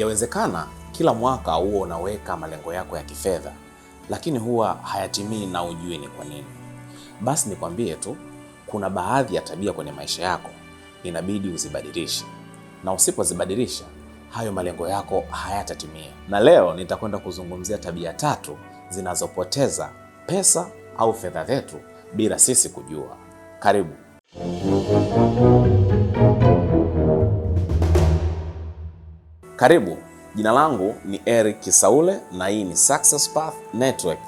Yawezekana kila mwaka huo unaweka malengo yako ya kifedha, lakini huwa hayatimii na ujui ni kwa nini. Basi nikwambie tu, kuna baadhi ya tabia kwenye maisha yako inabidi uzibadilishe, na usipozibadilisha hayo malengo yako hayatatimia. Na leo nitakwenda kuzungumzia tabia tatu zinazopoteza pesa au fedha zetu bila sisi kujua. Karibu. Karibu, jina langu ni eric Kisaule na hii ni Success Path Network.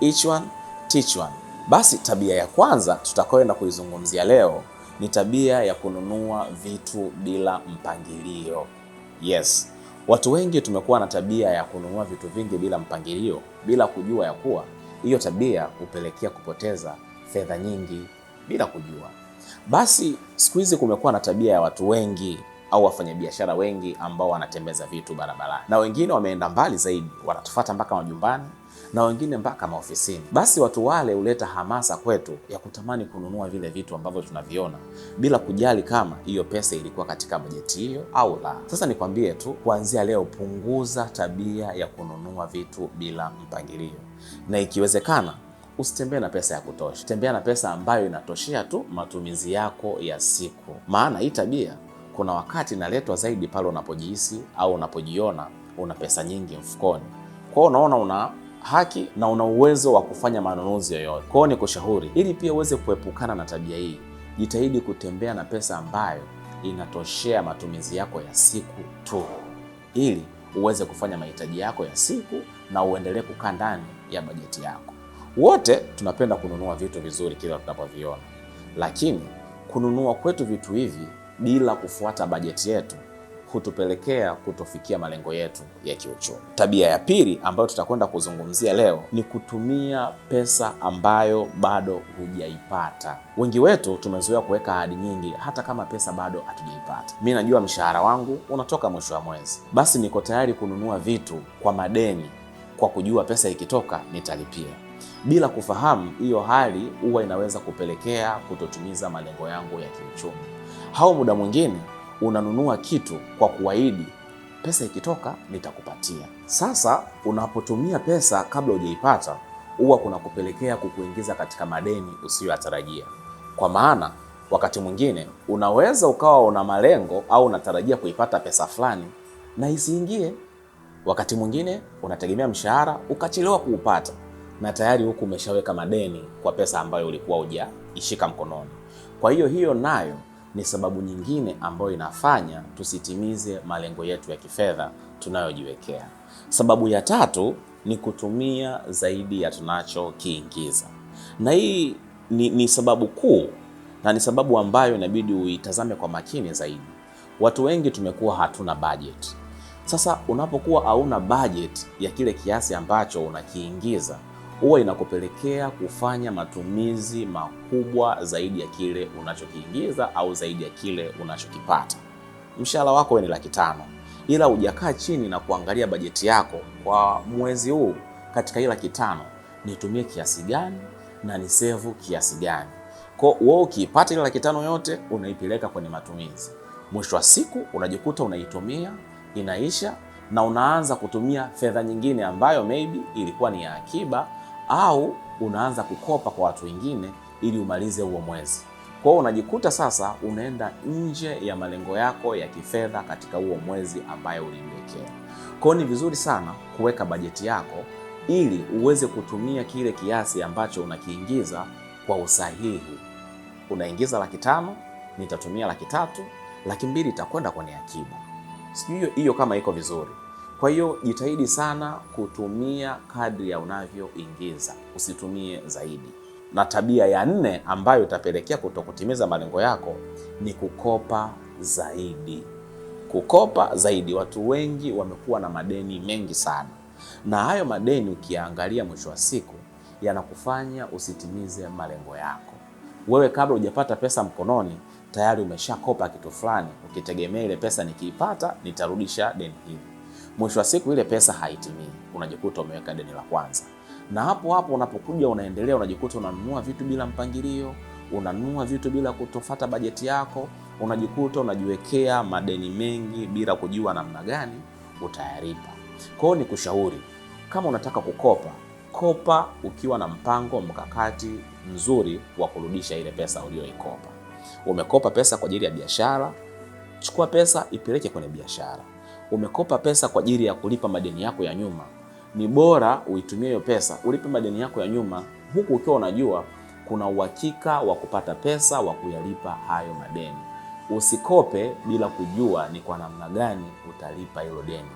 Each one, teach one. Basi tabia ya kwanza tutakayoenda kuizungumzia leo ni tabia ya kununua vitu bila mpangilio. Yes, watu wengi tumekuwa na tabia ya kununua vitu vingi bila mpangilio, bila kujua ya kuwa hiyo tabia hupelekea kupoteza fedha nyingi bila kujua. Basi siku hizi kumekuwa na tabia ya watu wengi au wafanyabiashara wengi ambao wanatembeza vitu barabarani, na wengine wameenda mbali zaidi, wanatufata mpaka majumbani na wengine mpaka maofisini. Basi watu wale huleta hamasa kwetu ya kutamani kununua vile vitu ambavyo tunaviona bila kujali kama hiyo pesa ilikuwa katika bajeti hiyo au la. Sasa nikwambie tu, kuanzia leo punguza tabia ya kununua vitu bila mpangilio, na ikiwezekana usitembee na pesa ya kutosha, tembea na pesa ambayo inatoshea tu matumizi yako ya siku, maana hii tabia kuna wakati inaletwa zaidi pale unapojihisi au unapojiona una pesa nyingi mfukoni, kwao unaona una haki na una uwezo wa kufanya manunuzi yoyote. Kwao ni kushauri, ili pia uweze kuepukana na tabia hii, jitahidi kutembea na pesa ambayo inatoshea matumizi yako ya siku tu, ili uweze kufanya mahitaji yako ya siku na uendelee kukaa ndani ya bajeti yako. Wote tunapenda kununua vitu vizuri kila tunapoviona, lakini kununua kwetu vitu hivi bila kufuata bajeti yetu hutupelekea kutofikia malengo yetu ya kiuchumi. Tabia ya pili ambayo tutakwenda kuzungumzia leo ni kutumia pesa ambayo bado hujaipata. Wengi wetu tumezoea kuweka ahadi nyingi hata kama pesa bado hatujaipata. Mi najua mshahara wangu unatoka mwisho wa mwezi, basi niko tayari kununua vitu kwa madeni, kwa kujua pesa ikitoka nitalipia bila kufahamu hiyo hali huwa inaweza kupelekea kutotimiza malengo yangu ya kiuchumi au muda mwingine unanunua kitu kwa kuahidi pesa ikitoka nitakupatia. Sasa unapotumia pesa kabla hujaipata, huwa kuna kupelekea kukuingiza katika madeni usiyoyatarajia. Kwa maana wakati mwingine unaweza ukawa una malengo au unatarajia kuipata pesa fulani na isiingie. Wakati mwingine unategemea mshahara ukachelewa kuupata, na tayari huku umeshaweka madeni kwa pesa ambayo ulikuwa hujaishika mkononi. Kwa hiyo hiyo nayo ni sababu nyingine ambayo inafanya tusitimize malengo yetu ya kifedha tunayojiwekea. Sababu ya tatu ni kutumia zaidi ya tunachokiingiza, na hii ni, ni sababu kuu na ni sababu ambayo inabidi uitazame kwa makini zaidi. Watu wengi tumekuwa hatuna bajeti. Sasa unapokuwa hauna bajeti ya kile kiasi ambacho unakiingiza huwa inakupelekea kufanya matumizi makubwa zaidi ya kile unachokiingiza au zaidi ya kile unachokipata. Mshahara wako ni laki tano, ila hujakaa chini na kuangalia bajeti yako kwa mwezi huu, katika hii laki tano nitumie kiasi gani na nisevu kiasi gani? Kwa hiyo wewe ukiipata ile laki tano yote unaipeleka kwenye matumizi, mwisho wa siku unajikuta unaitumia inaisha, na unaanza kutumia fedha nyingine ambayo maybe ilikuwa ni ya akiba au unaanza kukopa kwa watu wengine ili umalize huo mwezi. Kwa hiyo unajikuta sasa unaenda nje ya malengo yako ya kifedha katika huo mwezi ambayo ulijiwekea. Kwa hiyo ni vizuri sana kuweka bajeti yako ili uweze kutumia kile kiasi ambacho unakiingiza kwa usahihi. Unaingiza laki tano, nitatumia laki tatu, laki mbili itakwenda kwenye akiba. Sijui hiyo kama iko vizuri. Kwa hiyo jitahidi sana kutumia kadri ya unavyoingiza, usitumie zaidi. Na tabia ya nne ambayo itapelekea kutokutimiza malengo yako ni kukopa zaidi. Kukopa zaidi. Watu wengi wamekuwa na madeni mengi sana, na hayo madeni ukiangalia, mwisho wa siku yanakufanya usitimize malengo yako. Wewe kabla hujapata pesa mkononi tayari umeshakopa kitu fulani, ukitegemea ile pesa nikiipata nitarudisha deni hili mwisho wa siku ile pesa haitimii, unajikuta umeweka deni la kwanza, na hapo hapo unapokuja unaendelea, unajikuta unanunua vitu bila mpangilio, unanunua vitu bila kutofata bajeti yako, unajikuta unajiwekea madeni mengi bila kujua namna gani utayaripa. Kwa hiyo kushauri kama unataka kukopa, kopa ukiwa na mpango mkakati mzuri wa kurudisha ile pesa uliyoikopa. Umekopa pesa kwa ajili ya biashara, chukua pesa ipeleke kwenye biashara umekopa pesa kwa ajili ya kulipa madeni yako ya nyuma, ni bora uitumie hiyo pesa ulipe madeni yako ya nyuma, huku ukiwa unajua kuna uhakika wa kupata pesa wa kuyalipa hayo madeni. Usikope bila kujua ni kwa namna gani utalipa hilo deni.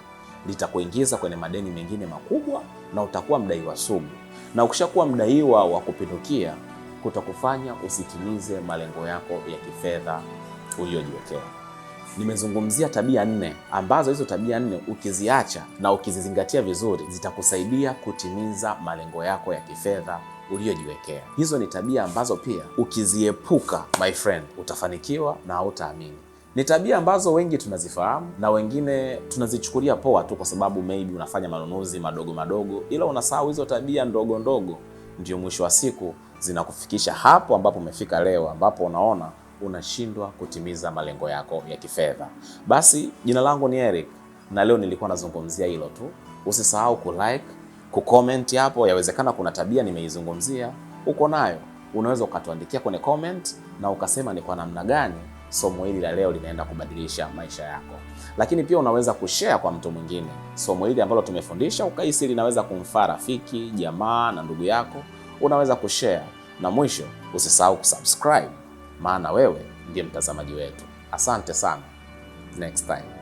Litakuingiza kwenye madeni mengine makubwa na utakuwa mdaiwa sugu, na ukishakuwa mdaiwa wa kupindukia kutakufanya usitimize malengo yako ya kifedha uliyojiwekea nimezungumzia tabia nne ambazo hizo tabia nne ukiziacha na ukizizingatia vizuri zitakusaidia kutimiza malengo yako ya kifedha uliojiwekea. Hizo ni tabia ambazo pia ukiziepuka, my friend, utafanikiwa na hautaamini. Ni tabia ambazo wengi tunazifahamu na wengine tunazichukulia poa tu, kwa sababu maybe unafanya manunuzi madogo madogo, ila unasahau hizo tabia ndogo ndogo ndio mwisho wa siku zinakufikisha hapo ambapo umefika leo, ambapo unaona unashindwa kutimiza malengo yako ya kifedha. Basi jina langu ni Eric na leo nilikuwa nazungumzia hilo tu. Usisahau kulike, kucomment hapo, yawezekana kuna tabia nimeizungumzia uko nayo, unaweza ukatuandikia kwenye comment na ukasema ni kwa namna gani somo hili la leo linaenda kubadilisha maisha yako. Lakini pia unaweza kushare kwa mtu mwingine somo hili ambalo tumefundisha, ukahisi linaweza kumfaa rafiki, jamaa na ndugu yako, unaweza kushare. Na mwisho usisahau kusubscribe maana wewe ndiye mtazamaji wetu. Asante sana, next time.